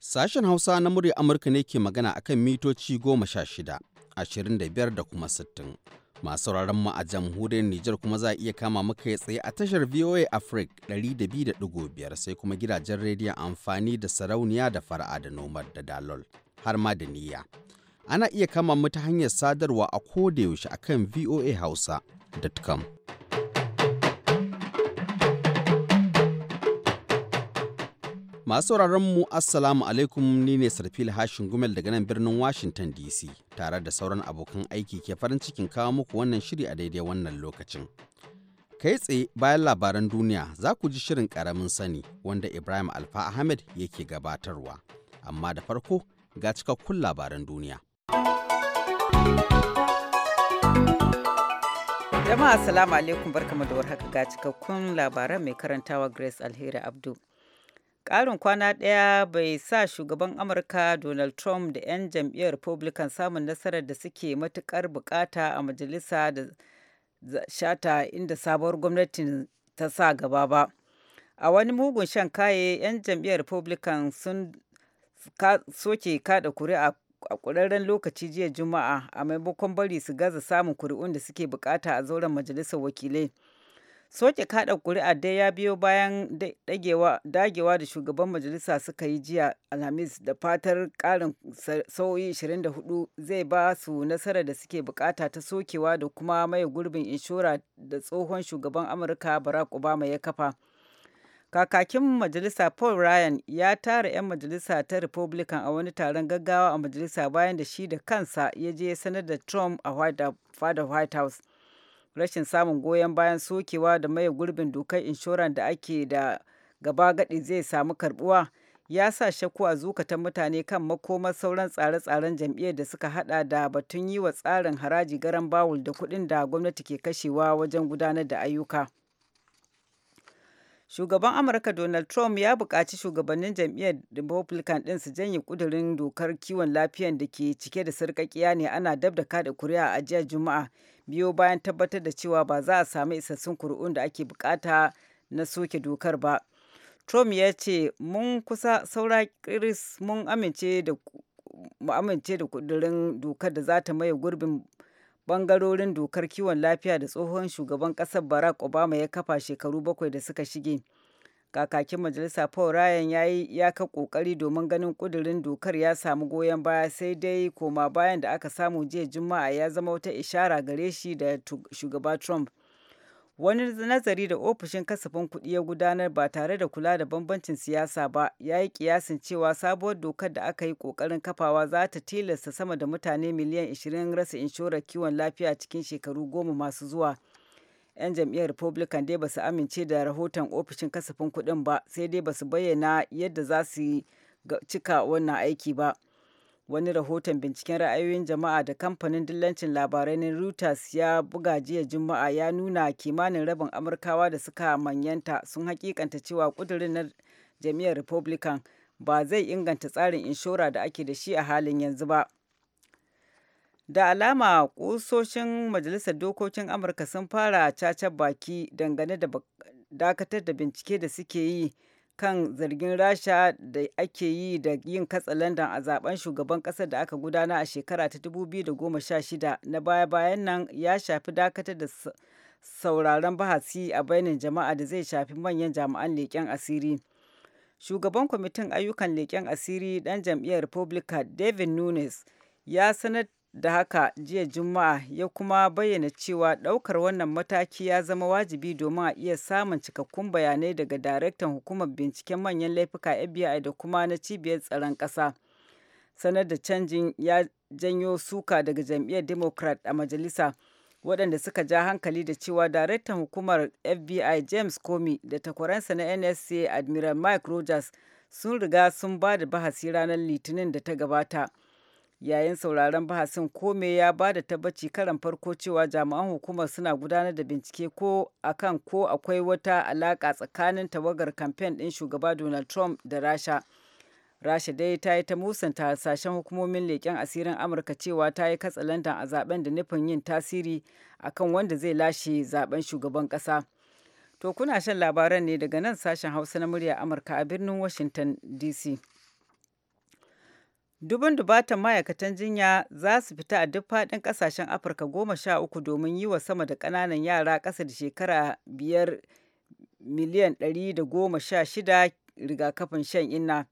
Sashen Hausa na murya Amurka ne ke magana a kan mitoci goma sha shida, ashirin da biyar da kuma sittin. Masu mu a jamhuriyar Nijar kuma za a iya kama muka tsaye a tashar VOA Africa 200.5 sai kuma gidajen rediyon amfani da sarauniya da fara'a da nomad da dalol har ma da niyya. ana iya kama mu ta hanyar sadarwa a kodayaushe akan voahausa.com. Masu sauraron mu Assalamu alaikum ni ne Sarfil Hashin Gumel daga nan birnin Washington DC tare da sauran abokan aiki ke farin cikin kawo muku wannan shiri a daidai wannan lokacin. Kai tsaye bayan labaran duniya za ku ji shirin karamin sani wanda Ibrahim Alfa Ahmed yake gabatarwa. Amma da farko ga cikakkun labaran duniya. Jama'a assalamu alaikum barkamu da warhaka ga cikakkun labaran mai karantawa Grace Alheri Abdu. Ƙarin kwana ɗaya bai sa shugaban Amurka Donald Trump da 'yan jam'iyyar Republican samun nasarar da suke matuƙar bukata a majalisa da shata inda sabuwar gwamnati ta sa gaba ba. A wani mugun shan kaye 'yan jam'iyyar Republican sun soke kada kuri'a a ƙwararren lokaci jiya Juma'a a maimakon bari su gaza samun kuri'un da suke bukata a zauren majalisar wakilai. Soke kada kuri'a dai ya biyo bayan dagewa da shugaban majalisa suka yi jiya Alhamis da fatar ƙarin sauyi 24 zai ba su nasarar da suke bukata ta sokewa da kuma maye gurbin inshora da tsohon shugaban Amurka Barack Obama ya kafa. Kakakin majalisa Paul Ryan ya tara 'yan majalisa ta Republican a wani taron gaggawa a majalisa bayan da shi da kansa ya je sanar da Trump a fadar White House. Rashin samun goyon bayan sokewa da maye gurbin dokar inshoran da ake da gaba gadi zai samu karbuwa ya sa shakku a zukatan mutane kan makomar sauran tsare-tsaren jam'iyyar da suka hada da batun yi wa tsarin haraji garan bawul da kuɗin da gwamnati ke kashewa wajen gudanar da ayyuka. shugaban amurka donald trump ya buƙaci shugabannin jam'iyyar republican ɗin su janye ƙudurin dokar kiwon lafiyan da ke cike da sarƙaƙiya ne ana dab da kada kuri'a a jiya juma'a biyo bayan tabbatar da cewa ba za a sami isassun kuri'un da ake buƙata na soke dokar ba trump ya ce mun kusa saura kiris mun amince da amince da ƙudurin dokar da za ta maye gurbin bangarorin dokar kiwon lafiya da tsohon shugaban ƙasar barack obama ya kafa shekaru bakwai da suka shige kakakin majalisa paul ryan ya yi iyaka kokari domin ganin kudirin dokar ya samu goyon baya sai dai koma bayan da aka samu jiya juma'a ya zama wata ishara gare shi da shugaba trump Wani nazari da ofishin kasafin kuɗi ya gudanar ba tare da kula da bambancin siyasa ba ya yi kiyasin cewa sabuwar dokar da aka yi ƙoƙarin kafawa za ta tilasta sama da mutane miliyan 20 rasa inshorar kiwon lafiya cikin shekaru goma masu zuwa. 'Yan jam'iyyar Republican dai basu amince da rahoton ofishin kasafin kuɗin ba sai dai basu bayyana yadda za su cika wannan aiki ba. wani rahoton binciken ra'ayoyin jama'a da kamfanin dillancin labarai na reuters ya buga jiya juma'a ya nuna kimanin rabin amurkawa da suka manyanta sun hakikanta cewa kudirin na jami'ar republican ba zai inganta tsarin inshora da ake da shi a halin yanzu ba da alama kusoshin majalisar dokokin amurka sun fara cacar baki dangane da dakatar da bincike da suke yi kan zargin rasha da ake yi da yin katsalandan a zaben shugaban kasar da aka gudana a shekara ta 2016 na baya-bayan nan ya shafi dakatar da sauraron bahasi a bainin jama'a da zai shafi manyan jami'an leƙen asiri shugaban kwamitin ayyukan leƙen asiri ɗan jam'iyyar republican david nunes ya sanar da haka jiya juma'a ya kuma bayyana cewa ɗaukar wannan mataki ya zama wajibi domin a iya samun cikakkun bayanai daga daraktan hukumar binciken manyan laifuka fbi da kuma na cibiyar tsaron kasa sanar da canjin ya janyo suka daga jam'iyyar democrat a majalisa waɗanda suka ja hankali da cewa daraktan hukumar fbi james comey da takwaransa na nsa admiral mike rogers sun riga sun ba da bahasi ranar litinin da ta gabata. yayin sauraron bahasin kome ya ba da tabbaci karan farko cewa jami'an hukumar suna gudanar da bincike ko akan ko akwai wata alaƙa tsakanin tawagar kamfen ɗin shugaba donald trump da rasha rasha dai ta yi ta musanta hasashen hukumomin leƙen asirin amurka cewa ta yi katsalandan a zaben da nufin yin tasiri akan wanda zai lashe zaben shugaban ƙasa to kuna shan labaran ne daga nan sashen hausa na murya amurka a birnin washington dc Dubun-dubatan ma'aikatan jinya za su fita a duk faɗin ƙasashen Afirka goma sha uku domin yi wa sama da ƙananan yara ƙasa da shekara biyar miliyan ɗari da goma sha shida rigakafin shan inna.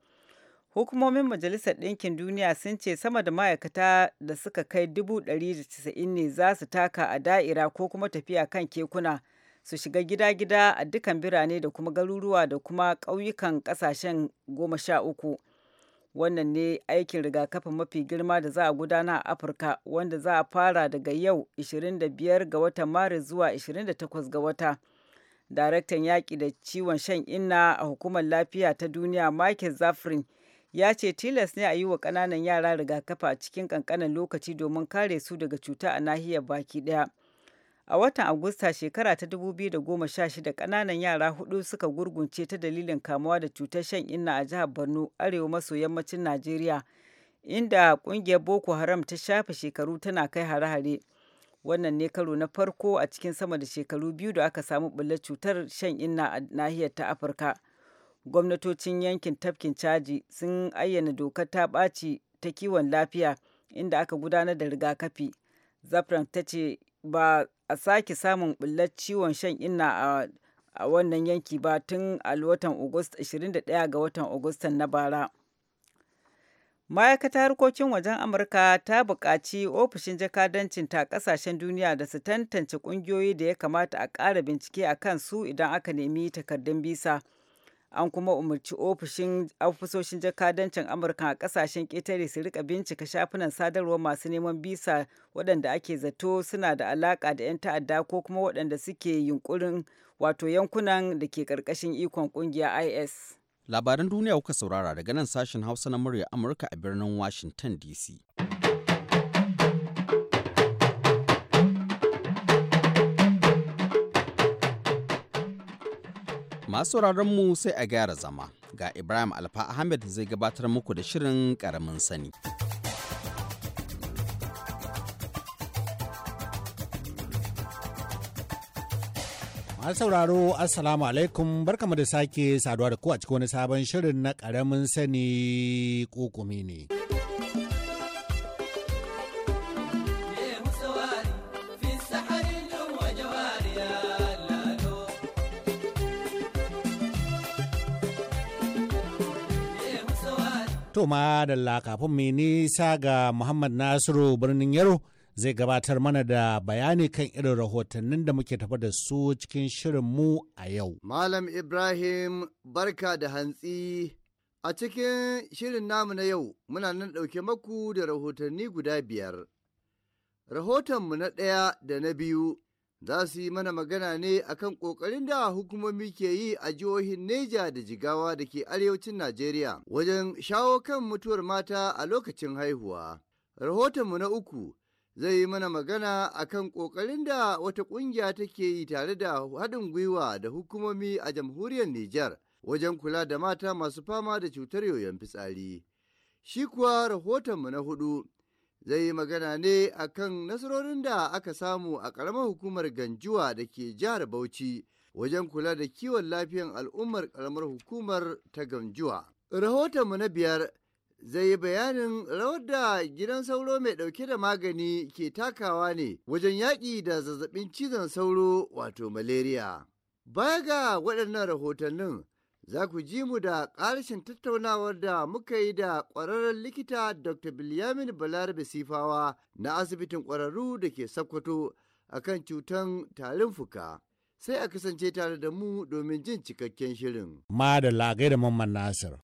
Hukumomin Majalisar Ɗinkin Duniya sun ce sama da ma'aikata da suka kai dubu ɗari da casa'in ne za su taka a da'ira ko kuma tafiya kan kekuna su shiga gida-gida a dukkan birane da kuma garuruwa da kuma ƙauyukan ƙasashen goma sha uku. wannan ne aikin rigakafi mafi girma da za a gudana a afirka wanda za a fara daga yau 25 ga watan maris zuwa 28 ga wata daraktan yaƙi da ciwon shan inna a hukumar lafiya ta duniya michael zafrin ya ce tilas ne a yi wa ƙananan yara rigakafa a cikin ƙanƙanin lokaci domin kare su daga cuta a nahiyar baki ɗaya. a watan agusta shekara ta 2016 kananan yara hudu suka gurgunce ta dalilin kamuwa da cutar shan inna a jihar borno arewa maso yammacin najeriya inda kungiyar boko haram ta shafe shekaru tana kai hare-hare wannan ne karo na farko a cikin sama da shekaru biyu da aka samu bullar cutar shan inna a nahiyar ta afirka gwamnatocin yankin tafkin caji sun ayyana dokar ta ɓaci ta kiwon lafiya inda aka gudanar da rigakafi zafran ta ce ba a sake samun bullar ciwon shan inna a wannan yanki ba tun a watan Agusta 21 ga watan Agustan na bara. Ma'aikatar harkokin wajen Amurka ta buƙaci ofishin jakadancin ta ƙasashen duniya da su tantance ƙungiyoyi da ya kamata a ƙara bincike a kan su idan aka nemi takardun bisa. an kuma umarci ofishin ofisoshin jakadancin amurka a kasashen ƙetare su rika bincika shafunan sadarwar masu neman bisa waɗanda ake zato suna da alaƙa da 'yan ta'adda ko kuma waɗanda suke yunkurin wato yankunan da ke ƙarƙashin ikon ƙungiyar is labaran duniya kuka saurara daga nan sashen hausa na murya amurka a birnin washington dc Masu mu sai a gyara zama ga Ibrahim Alfa Ahmed zai gabatar muku da shirin karamin sani. Masu sauraro Assalamu alaikum barkamu da sake saduwa da ku a cikin wani sabon shirin na karamin sani kokumi ne. To ma da kafin mai nisa ga Muhammad Nasiru birnin Yaro zai gabatar mana da bayani kan irin rahotannin da muke tafa da su cikin shirin mu a yau. Malam Ibrahim barka da hantsi a cikin shirin namu na yau muna nan ɗauke maku da rahotanni guda biyar. Rahotonmu na ɗaya da na biyu za su yi mana magana ne akan ƙoƙarin da hukumomi ke yi a jihohin Neja da Jigawa da ke arewacin Najeriya wajen shawo kan mutuwar mata a lokacin haihuwa. Rahotonmu na uku zai yi mana magana akan ƙoƙarin da wata ƙungiya take yi tare da haɗin gwiwa da hukumomi a jamhuriyar Nijar wajen kula da mata masu fama da cutar yoyon fitsari. Shi kuwa rahotonmu na hudu zai yi magana ne a kan nasarorin da aka samu a ƙaramar hukumar ganjuwa da ke jihar Bauchi wajen kula da kiwon lafiyan al'ummar ƙaramar hukumar ta ganjuwa. Rahotonmu na biyar zai yi bayanin rawar da gidan sauro mai ɗauke da magani ke takawa ne wajen yaƙi da zazzabin cizon sauro wato malaria. Baya ga waɗannan rahotannin za ku ji mu da ƙarshen tattaunawar da muka yi da ƙwararren likita Dr. Bilyamin Balarabe Sifawa na asibitin ƙwararru da ke Sokoto kan cutar tarin fuka. Sai a kasance tare da mu domin jin cikakken shirin. Ma da lagai da Mamman Nasir.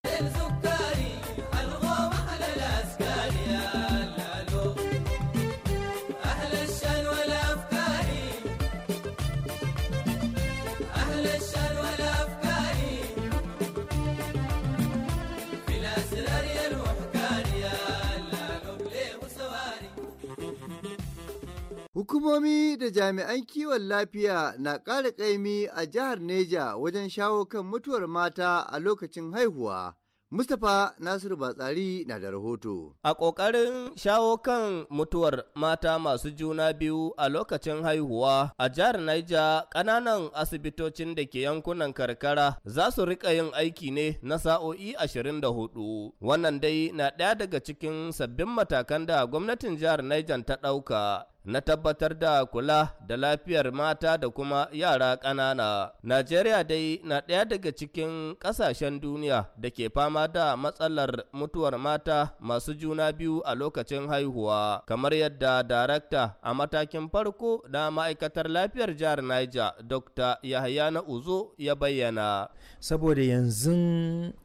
Hukumomi da jami'an kiwon lafiya na ƙara ƙaimi a jihar Neja wajen shawo kan mutuwar mata a lokacin haihuwa. Mustapha Nasiru Batsari na da rahoto. A ƙoƙarin shawo kan mutuwar mata masu juna biyu a lokacin haihuwa a jihar Naija ƙananan asibitocin da ke yankunan karkara za su riƙa yin aiki ne na sa'o'i 24. Wannan dai na ɗaya daga cikin sabbin matakan da gwamnatin jihar Niger ta ɗauka na tabbatar da kula da lafiyar mata da kuma yara ƙanana. Najeriya dai na ɗaya daga cikin ƙasashen duniya da ke fama da matsalar mutuwar mata masu juna biyu a lokacin haihuwa, kamar yadda darakta a matakin farko na ma'aikatar lafiyar jihar Niger, Dr. Yahaya na Uzo ya bayyana. Saboda yanzu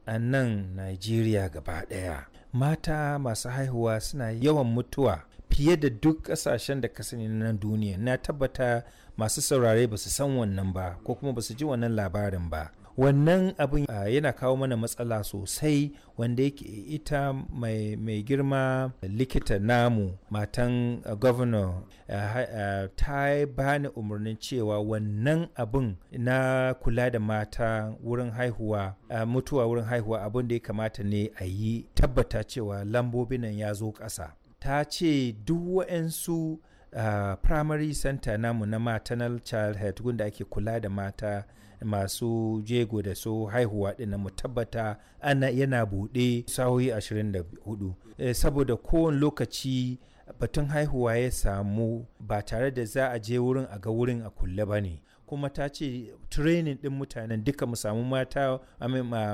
a nan Najeriya gaba ɗaya, mata masu haihuwa suna yawan mutuwa. fiye da duk kasashen da ka sani na duniya na tabbata masu saurare ba su san wannan ba ko kuma ba su ji wannan labarin ba wannan abin ah, yana kawo mana matsala sosai wanda yake ita mai, girma likita namu matan ah, governor ah, ta bani umarnin cewa wannan abin na kula da mata wurin haihuwa mutuwa wurin haihuwa abin da ya kamata ne a yi tabbata cewa lambobin nan ya zo ƙasa ta ce duk wa'ansu uh, ah, primary center namu na maternal child health gunda ake kula da mata masu jego da su haihuwa din mu tabbata ana yana buɗe sahoyi 24 eh, saboda kowane lokaci batun haihuwa ya samu ba tare da za a je wurin a ga wurin a kulle ba ne kuma ta ce training din mutanen duka mu samu mata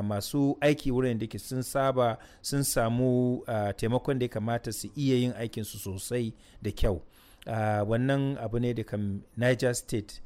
masu aiki wurin da ke sun saba sun samu taimakon da ya kamata su iya yin aikinsu sosai da kyau wannan abu ne da kam niger state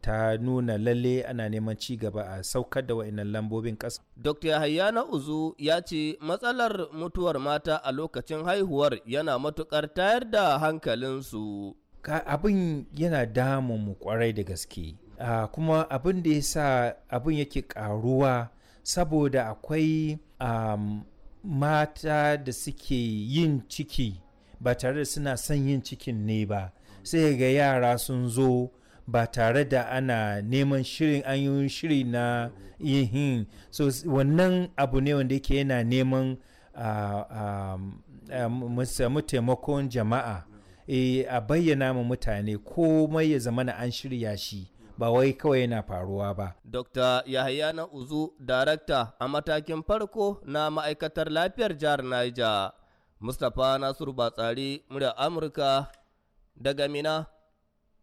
ta nuna lalle ana neman ci gaba a saukar da wa'annan lambobin ƙasa. Dr. Hayyana Uzu ya ce matsalar mutuwar mata a lokacin haihuwar yana matukar tayar da hankalinsu. abin yana damun mu kwarai da gaske uh, kuma abin da ya sa abin yake karuwa saboda akwai um, mata da suke yin ciki ba tare da suna son yin cikin ne ba sai ga yara sun zo ba tare da ana neman shirin an yi shiri na yin so wannan abu ne wanda yake yana neman uh, um, uh, mu jama'a e, a bayyana ma mutane komai ya zamana an shirya shi ba wai kawai yana faruwa ba. Dr. Yahaya na Uzu, darakta a matakin farko na ma'aikatar lafiyar jihar Niger, Mustapha Nasiru Batsari, murya Amurka daga Mina.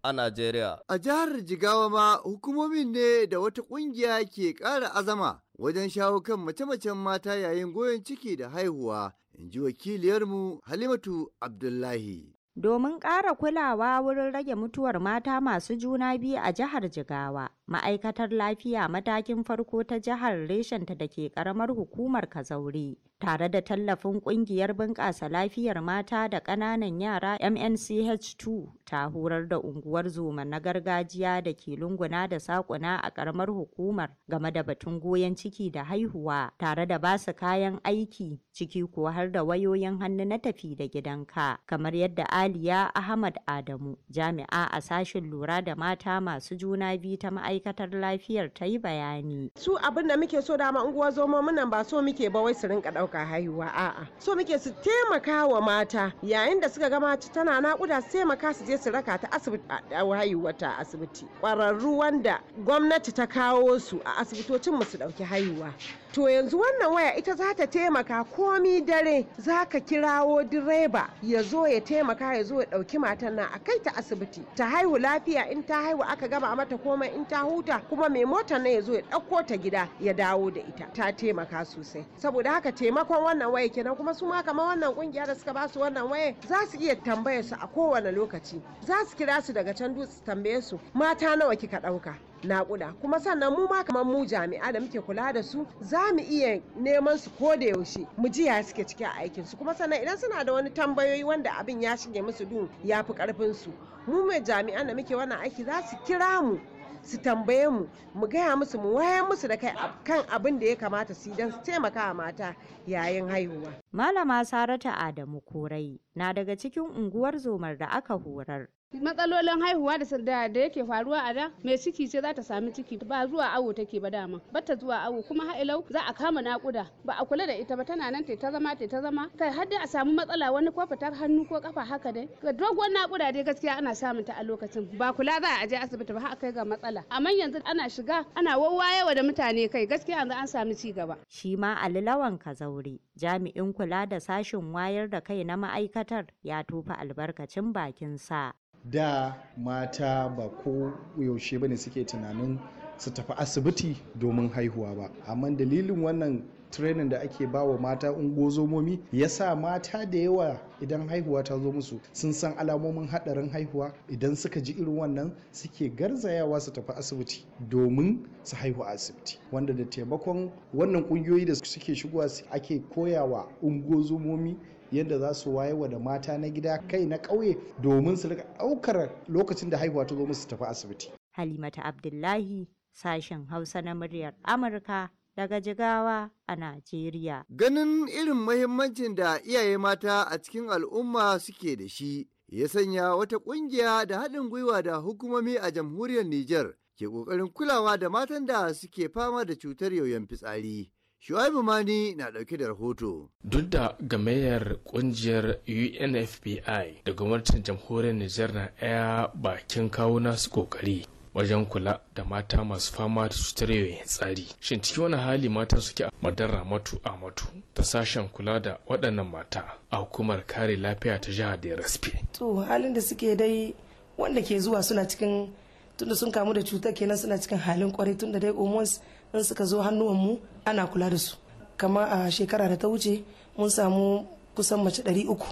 a Najeriya. A jihar Jigawa ma hukumomin ne da wata ƙungiya ke ƙara azama wajen shawo kan mace-macen mata yayin goyon ciki da haihuwa, in ji wakiliyarmu Halimatu Abdullahi. domin ƙara kulawa wurin rage mutuwar mata masu juna biyu a jihar Jigawa. ma'aikatar lafiya matakin farko ta jihar reshenta da ke karamar hukumar kazaure tare da tallafin kungiyar bunƙasa lafiyar mata da ƙananan yara mnch2 ta horar da unguwar zoma na gargajiya da ke lunguna da saƙuna a ƙaramar hukumar game da batun goyon ciki da haihuwa tare da ba su kayan aiki ciki ko har da wayoyin hannu na tafi da gidanka kamar yadda aliya ahmad adamu jami'a a sashin lura da mata masu juna biyu ta ma'aikata ma'aikatar lafiyar ta yi bayani. Su abin da muke so dama unguwa zoma munan ba so muke ba wai su rinka ɗauka haihuwa a'a. So muke su taimaka wa mata yayin da suka gama ci tana naƙuda su taimaka su je su raka ta asibiti a haihuwa ta asibiti. Ƙwararru wanda gwamnati ta kawo su a asibitocin mu su ɗauki haihuwa. to yanzu wannan waya ita za ta taimaka komi dare za ka kirawo direba ya zo ya taimaka ya zo ya ɗauki matan nan a kai ta asibiti ta haihu lafiya in ta haihu aka gama mata komai in ta huta kuma mai mota na ya zo ya ɗauko ta gida ya dawo da ita ta taimaka sosai saboda haka taimakon wannan waya kenan kuma su ma kamar wannan kungiya da suka basu wannan waya za su iya tambayar su a kowane lokaci za su kira su daga can dutse tambaye su mata nawa kika ɗauka nakuda kuma sannan mu ma kamar mu jami'a da muke kula da su za mu iya neman su ko da yaushe mu ji ya suke cikin aikin su kuma sannan idan suna da wani tambayoyi wanda abin ya shige musu duhu ya fi karfin su mu mai jami'an da muke wannan aiki za su kira mu su tambaye mu mu gaya musu mu wayar musu da kai kan abin da ya kamata su don su taimaka wa mata yayin haihuwa. Malama Saratu Adamu Korai na daga cikin unguwar zomar da aka horar matsalolin haihuwa da da yake faruwa a da mai ciki ce za ta sami ciki ba zuwa awo take ba dama bata zuwa awo kuma ha'ilau za a kama nakuda ba a kula da ita ba tana nan ta zama ta zama kai har dai a samu matsala wani ko fitar hannu ko kafa haka dai ga dogon nakuda dai gaskiya ana samun ta a lokacin ba kula za a je asibiti ba har kai ga matsala amma yanzu ana shiga ana wawayewa da mutane kai gaskiya yanzu an samu ci gaba shi ma Ali Lawan Kazauri jami'in kula da sashin wayar da kai na ma'aikatar ya tufa albarkacin bakin sa da mata ba ko yaushe ba ne suke tunanin su tafi asibiti domin haihuwa ba amma dalilin wannan training da ake ba wa mata ungozomomi ya sa mata da yawa idan haihuwa ta zo musu sun san alamomin haɗarin haihuwa idan suka ji irin wannan suke garzayawa su tafi asibiti domin su haihu asibiti wanda da taimakon wannan ƙungiyoyi da suke shigowa ake koyawa ungozomomi yadda za su wayewa da mata na gida kai na ƙauye domin su rika ɗaukar lokacin da haihuwa ta zo musu tafi asibiti. Halimata Abdullahi sashen Hausa na muryar Amurka daga Jigawa a Najeriya. Ganin irin mahimmancin da iyaye mata a cikin al'umma suke da shi ya sanya wata ƙungiya da haɗin gwiwa da hukumomi a jamhuriyar Nijar ke ƙoƙarin kulawa da matan da suke fama da cutar yoyon fitsari. Shu'aibu Mani na ɗauke da rahoto. Duk da gamayyar ƙungiyar UNFPI da gwamnatin jamhuriyar Nijar na ɗaya bakin kawo nasu ƙoƙari wajen kula da mata masu fama da cutar yoyin tsari. Shin cikin wani hali mata suke madara matu a matu ta sashen kula da waɗannan mata a hukumar kare lafiya ta jihar da Raspe. To halin da suke dai wanda ke zuwa suna cikin tunda sun kamu da cutar kenan suna cikin halin kwarai tunda dai omos. in suka zo mu ana kula da su kamar a shekara da ta wuce mun samu kusan mace ɗari uku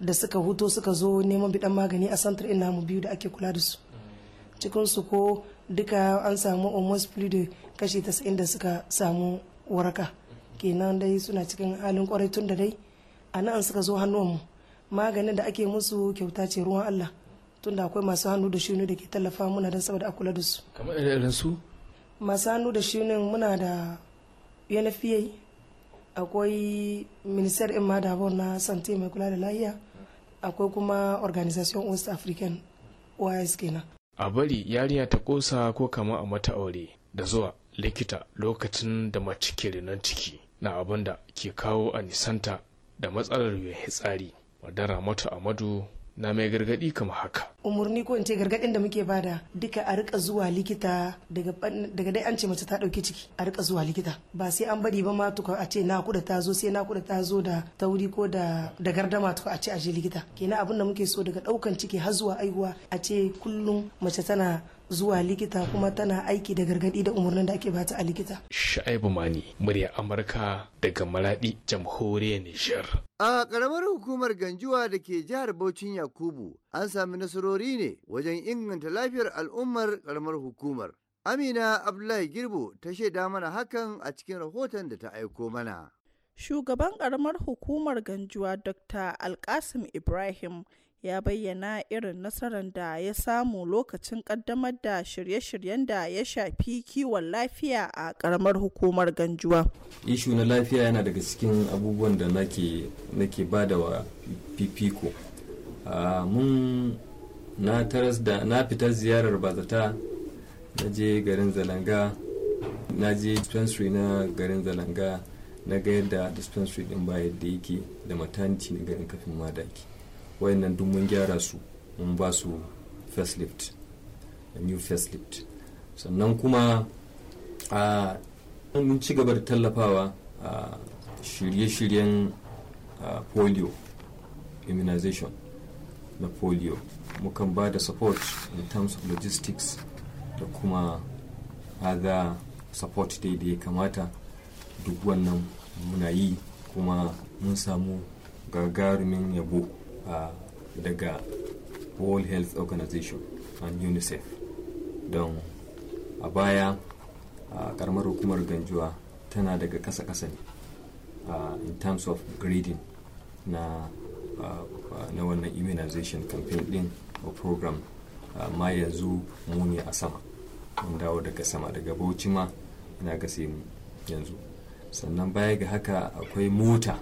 da suka huto suka zo neman bidan magani a santar ina mu biyu da ake kula da su cikin su ko duka an samu almost plus da kashi 90 da suka samu waraka kenan dai suna cikin halin kwarai tun da dai a nan suka zo mu maganin da ake musu kyauta ce ruwan Allah tunda akwai masu hannu da shinu da ke tallafa muna don saboda a kula da su kamar irin su masu hannu da shinin muna da yanafiye akwai minister in ma da na sante mai kula da lahiya akwai kuma organisation west african ois kenan a bari yariya ta kosa ko kama a mata aure da zuwa likita lokacin da mace ke renon ciki na abin da ke kawo a nisanta da matsalar yohin tsari wadda ramatu amadu na mai gargadi kamar haka umarni ko in ce gargadin da muke bada duka a rika zuwa likita daga dai an ce mace ta dauki ciki a rika zuwa likita ba sai an bari ba ma tuka a ce kuda ta zo sai na ta zo da tauri ko da da gardama tuka a ce a je likita kenan abin da muke so daga daukan ciki har zuwa aihuwa a ce kullum mace tana zuwa likita kuma tana aiki da gargadi da umarnin da ake bata a likita. Sha'ibu Mani, murya Amurka daga Maladi, Jamhuriyar Nijar. A ƙaramar hukumar Ganjuwa da ke jihar Bauchin Yakubu, an sami nasarori ne wajen inganta lafiyar al'ummar ƙaramar hukumar. Amina Abdullahi Girbo ta shaida mana hakan a cikin rahoton da ta aiko mana. Shugaban ƙaramar hukumar Ganjuwa Dr. Alkasim Ibrahim ya bayyana irin nasarar da ya samu lokacin kaddamar da shirye-shiryen da ya shafi kiwon lafiya a karamar hukumar ganjuwa. Ishu na lafiya yana daga cikin abubuwan da nake ba wa fifiko. Mun na fitar fita ziyarar bazata na je garin zalanga na je dispensary na garin zalanga na ga yadda dispensary din ba yadda yake da matanci na garin kafin madaki wayannan duk mun gyara su mun ba su facelift a new facelift sannan kuma a mun ci gaba da tallafawa a shirye-shiryen polio immunization na polio mukan ba da support in terms of logistics da kuma other support daidai da ya kamata duk wannan muna yi kuma mun samu gagarumin yabo daga world health organization and unicef don a baya karamar hukumar ganjuwa tana daga kasa-kasa ne in terms of grading na na wannan immunization campaign din or program ma yanzu muni a sama mun dawo daga sama daga bauchi ma ina gasi yanzu sannan baya ga haka akwai mota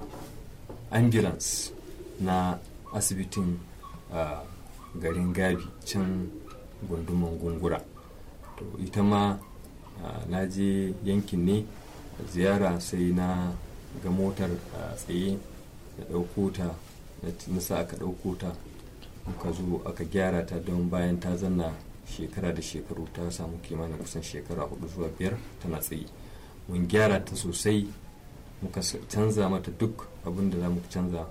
ambulance na asibitin garin gabi can gunduman gungura to ita ma na je yankin ne ziyara sai na ga motar tsaye na ɗauko ta na sa aka ɗauko ta muka zo aka gyara ta don bayan ta zanna shekara da shekaru ta samu kimanin kusan shekara hudu zuwa biyar tana tsaye mun gyara ta sosai muka canza mata duk abin da za mu canza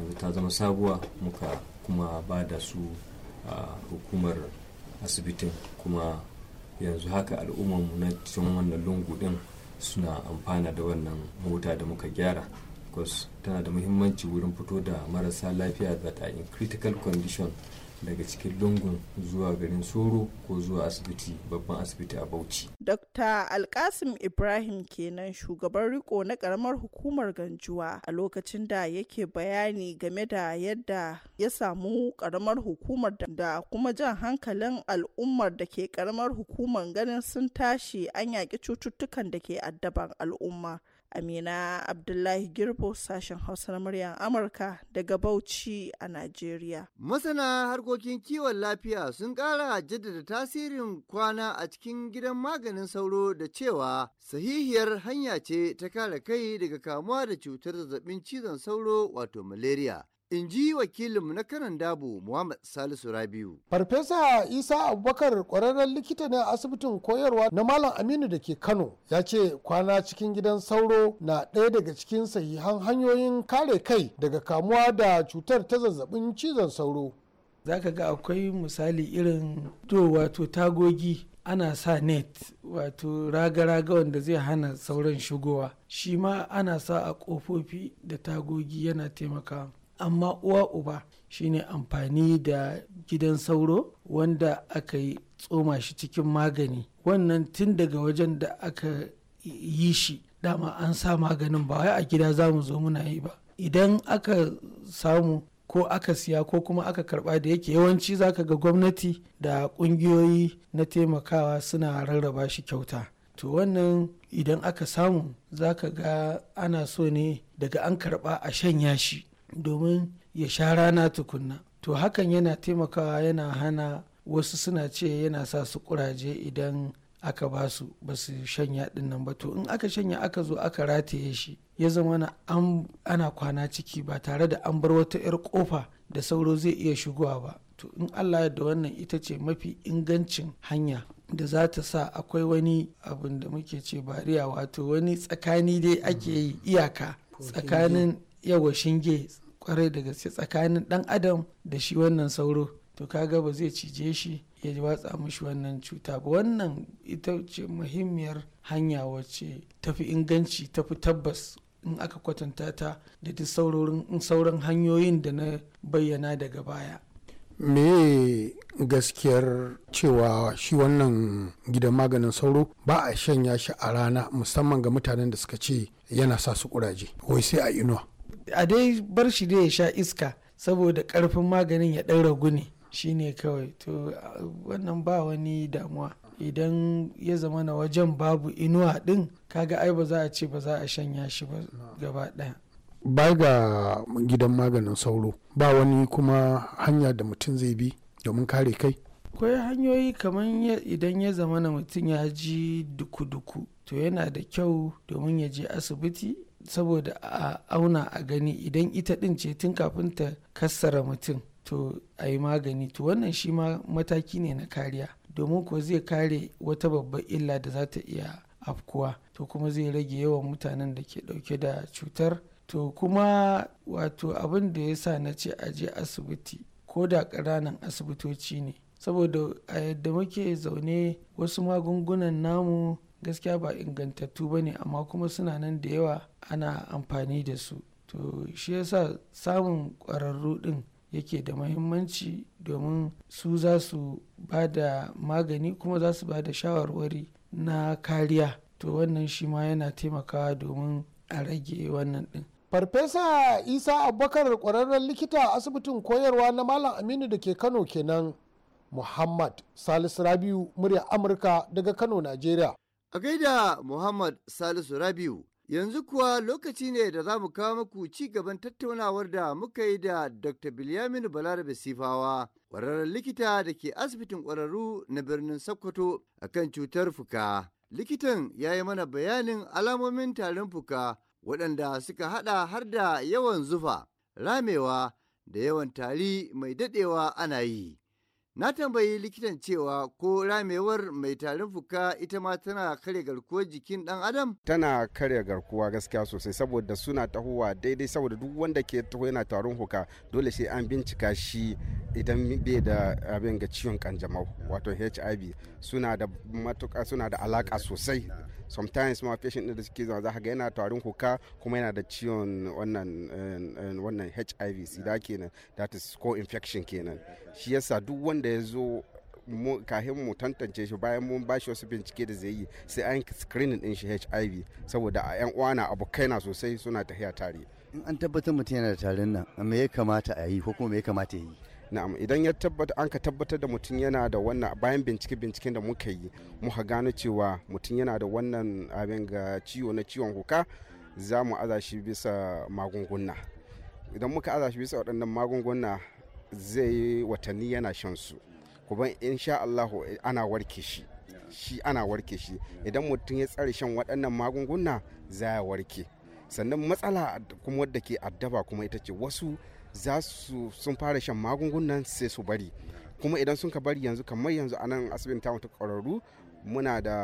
yanzu ta zama sabuwa muka kuma ba da su a hukumar asibitin kuma yanzu haka al'ummarmu na cikin wannan lungu din suna amfana da wannan mota da muka gyara kwas tana da muhimmanci wurin fito da marasa lafiya that are in critical condition daga cikin lungun zuwa garin soro ko zuwa asibiti babban asibiti a bauchi. dr alkasim ibrahim kenan shugaban riko na karamar hukumar ganjuwa a lokacin da yake bayani game da yadda ya samu karamar hukumar da kuma jan hankalin al'ummar da ke karamar hukumar ganin sun tashi an yaƙi cututtukan da ke addaban al'umma Amina Abdullahi Girbo sashen Hausa na muryar Amurka daga Bauchi a Najeriya. Masana harkokin kiwon lafiya sun ƙara jaddada tasirin kwana a cikin gidan maganin sauro da cewa sahihiyar hanya ce ta kare kai daga kamuwa da cutar zazzabin cizon sauro wato malaria. in ji wakilinmu na kanan dabu Muhammad Salisu Rabiu. Farfesa Isa Abubakar kwararren likita ne a asibitin koyarwa na Malam Aminu da ke Kano ya ce kwana cikin gidan sauro na ɗaya daga cikin sahihan hanyoyin kare kai daga kamuwa da cutar ta zazzabin cizon sauro. Za ka ga akwai misali irin to wato tagogi ana sa net wato raga-raga wanda zai hana sauran shigowa shi ma ana sa a kofofi da tagogi yana taimakawa. amma uwa uba shine amfani da gidan sauro wanda aka yi tsoma shi cikin magani wannan tun daga wajen da aka yi shi dama an sa maganin ba wai a gida za mu zo muna yi ba idan aka samu ko aka siya ko kuma aka karba da yake yawanci zaka ga gwamnati da kungiyoyi na taimakawa suna rarraba shi kyauta to wannan idan aka samu zaka ga ana so ne daga an karba a shanya shi domin ya sha rana tukunna to hakan yana taimakawa yana hana wasu suna ce yana sa su kuraje idan aka ba su ba su shanya din nan ba to in aka shanya aka zo aka rataye shi ya zama na ana kwana ciki ba tare da an bar wata 'yar kofa da sauro zai iya shigowa ba to in allah da wannan ita ce mafi ingancin hanya da za ta sa akwai wani abin da muke ce bariya wato wani tsakani dai ake yi iyaka tsakanin yawa shinge kwarai da gaske tsakanin dan adam da shi wannan sauro to kaga ba zai cije shi ya watsa mishi wannan cuta ba wannan ita ce muhimmiyar hanya wacce tafi inganci tafi tabbas in aka kwatanta ta da duk sauran hanyoyin da na bayyana daga baya me gaskiyar cewa shi wannan gidan maganin sauro ba a shanya shi a rana musamman ga mutanen da suka ce yana sa su kuraje wai sai a inuwa a dai bar shi dai ya sha iska saboda karfin maganin ya ɗan shi ne kawai to wannan ba wani damuwa idan ya zama na wajen babu inuwa din kaga ai ba za a ce ba za a shanya shi ba gaba ɗaya ba ga gidan maganin sauro ba wani kuma hanya da mutum zai bi domin kare kai akwai hanyoyi kamar idan ya zama na mutum ya ji duku-duku to yana da kyau domin ya je asibiti saboda a auna a gani idan ita din ce tun kafin ta kassara mutum to a yi magani to wannan shi ma mataki ne na kariya domin ko zai kare wata babbar illa da za ta iya afkuwa to kuma zai rage yawan mutanen da ke dauke da cutar to kuma wato abin da ya sa na ce a je asibiti ko da ƙananan asibitoci ne saboda a yadda muke zaune wasu magungunan namu gaskiya ba ingantattu ba ne amma kuma suna nan da yawa ana amfani da su to shi yasa samun ƙwararru ɗin yake da mahimmanci domin su za su ba da magani kuma za su ba da shawarwari na kariya to wannan shi ma yana taimakawa domin a rage wannan ɗin farfesa isa abubakar kwararren likita a asibitin koyarwa na malam aminu da ke kano kenan muhammad salisu rabiu murya amurka daga kano nigeria A gaida Muhammad Salisu Rabiu, yanzu kuwa lokaci ne da za mu kawo muku ci gaban tattaunawar da muka yi da Dr. Bilyaminu Balarabe Sifawa, ƙwararren likita da ke asibitin ƙwararru na birnin Sokoto a kan cutar fuka. Likitan ya yi mana bayanin alamomin tarin fuka waɗanda suka haɗa har da yawan zufa, ramewa da yawan tari mai daɗewa ana yi. Na tambayi likitan cewa ko ramewar mai tarin fuka ita ma tana karya garkuwar jikin ɗan adam? Tana karya garkuwa gaskiya sosai saboda suna tahowa daidai saboda duk wanda ke taho yana tarin fuka dole sai an bincika shi idan bai da abin ga ciwon kanjamau wato HIV suna da matuka suna da alaka sosai. sometimes ma patient da suke zuwa za ga yana tarin kuka kuma yana da ciwon wannan eh, wannan HIV sida kenan that is co infection kenan shi yasa duk wanda ya zo kahin mu tantance shi bayan mun bashi wasu bincike da zai yi sai an screening din shi HIV saboda a yan uwana abokai na sosai suna tafiya tare in an tabbatar mutum yana da tarin nan me ya kamata a yi ko kuma me ya kamata ya yi na'am idan ya tabbata an ka tabbatar da mutum yana da wannan bayan bincike binciken da muka yi muka gano cewa mutum yana da wannan abin ga ciwo na ciwon huka za mu aza bisa magunguna idan muka aza bisa waɗannan magunguna zai watanni yana shan su kuma sha Allahu ana warke shi shi ana warke shi idan mutum ya tsare shan waɗannan magunguna za ya warke sannan matsala kuma wadda ke addaba kuma ita ce wasu za su sun fara shan magungunan sai su bari kuma idan sun ka bari yanzu kamar yanzu a nan asibin ta wata ƙwararru muna da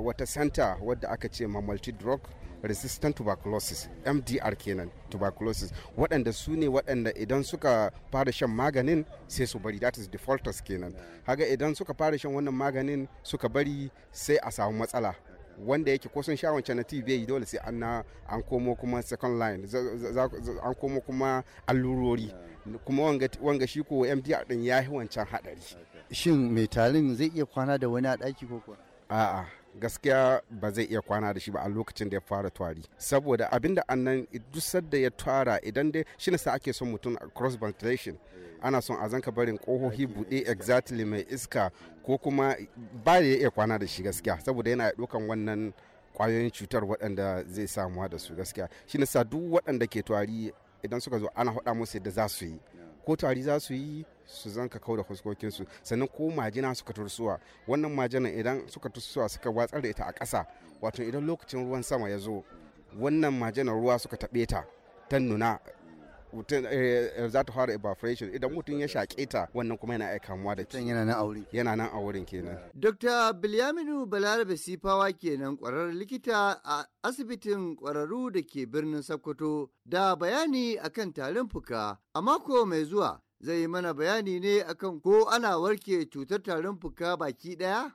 wata santa wadda aka ce ma multi-drug resistant tuberculosis mdr kenan tuberculosis waɗanda su ne waɗanda idan suka fara shan maganin sai su bari that is defaulters kenan haga idan suka fara shan wannan maganin suka bari sai a samu matsala wanda yake ko sun sha wancan na tv dole sai an an komo kuma second line an komo kuma allurori kuma wanga shi ko mdr din ya yi wancan hadari shin mai tarin zai iya kwana da wani a daki ko kuwa a'a gaskiya ba zai iya kwana da shi ba a lokacin da ya fara tari. saboda abinda annan dusar da ya tara idan dai shi ne sa ake son mutum a cross ventilation ana son a zanka barin kohohi buɗe exactly mai iska ko kuma ba ya iya kwana da shi gaskiya saboda yana ɗaukan wannan kwayoyin cutar waɗanda zai samuwa da su gaskiya shi na duk waɗanda ke tari idan suka zo ana haɗa musu yadda za su yi ko tari za su yi su zanka kawo da fuskokinsu sannan ko majina suka tursuwa wannan majina idan suka tursuwa suka watsar da ita a ƙasa wato idan lokacin ruwan sama ya zo wannan majina ruwa suka taɓe ta ta nuna Eh, za ta fara evaporation idan mutum ya shaƙe ta wannan kuma yana kamuwa da cutar yana nan wurin yana nan kenan Dr. Bilyaminu Balarabe Sifawa kenan kwarar likita a asibitin kwararru da ke birnin Sokoto da bayani akan tarin fuka a mako mai zuwa zai yi mana bayani ne akan ko ana warke cutar tarin fuka baki daya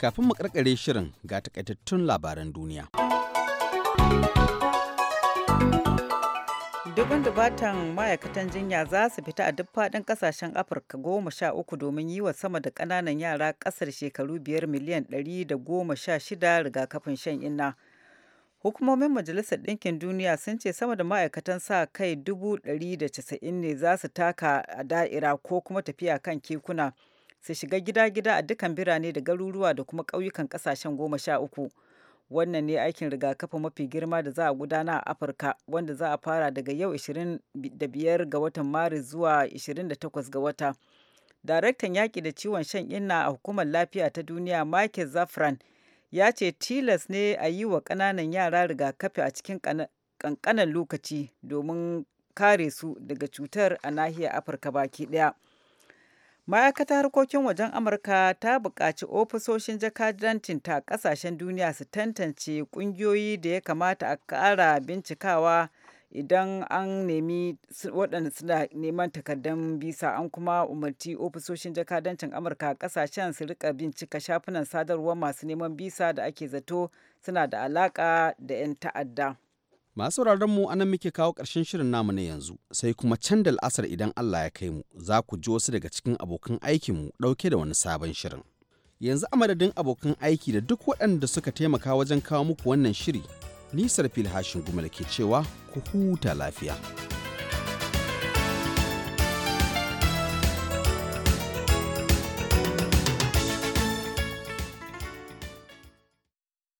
Kafin mu karkare shirin ga takaitattun labaran duniya. Dubin dubatan ma'aikatan jinya za su fita a duk faɗin ƙasashen Afirka goma sha uku domin yi wa sama da ƙananan yara ƙasar shekaru biyar miliyan ɗari da goma sha shida rigakafin shan inna. Hukumomin Majalisar Ɗinkin Duniya sun ce sama da ma'aikatan sa kai dubu ɗari da casa'in ne za su taka a da'ira ko kuma tafiya kan kekuna. su shiga gida-gida a dukkan birane da garuruwa da kuma ƙauyukan ƙasashen goma sha uku. Wannan ne aikin rigakafi mafi girma da za a gudana a Afirka wanda za a fara daga yau 25 ga watan Maris zuwa 28 ga wata. Daraktan yaƙi da ciwon shan inna a hukumar lafiya ta duniya Michael Zafran ya ce tilas ne a yi wa ƙananan yara rigakafi a cikin ƙanƙanan lokaci domin kare su daga cutar a nahiyar Afirka baki ɗaya. ma'aikatar harkokin wajen amurka ta buƙaci ofisoshin jakadancin ta ƙasashen duniya su tantance ƙungiyoyi da ya kamata a ƙara bincikawa idan an nemi waɗanda suna neman takardar bisa an kuma umarci ofisoshin jakadancin amurka a ƙasashen su rika bincika shafunan sadarwar masu neman bisa da ake zato suna da alaƙa da 'yan ta'adda. Masu mu anan muke kawo ƙarshen shirin namu na yanzu, sai kuma can da la'asar idan Allah ya kai mu, za ku ji wasu daga cikin abokan aikinmu ɗauke da wani sabon shirin. Yanzu a madadin abokan aiki da duk waɗanda suka taimaka wajen kawo muku wannan shiri, nisar Sarfil hashin gumal ke cewa ku huta lafiya.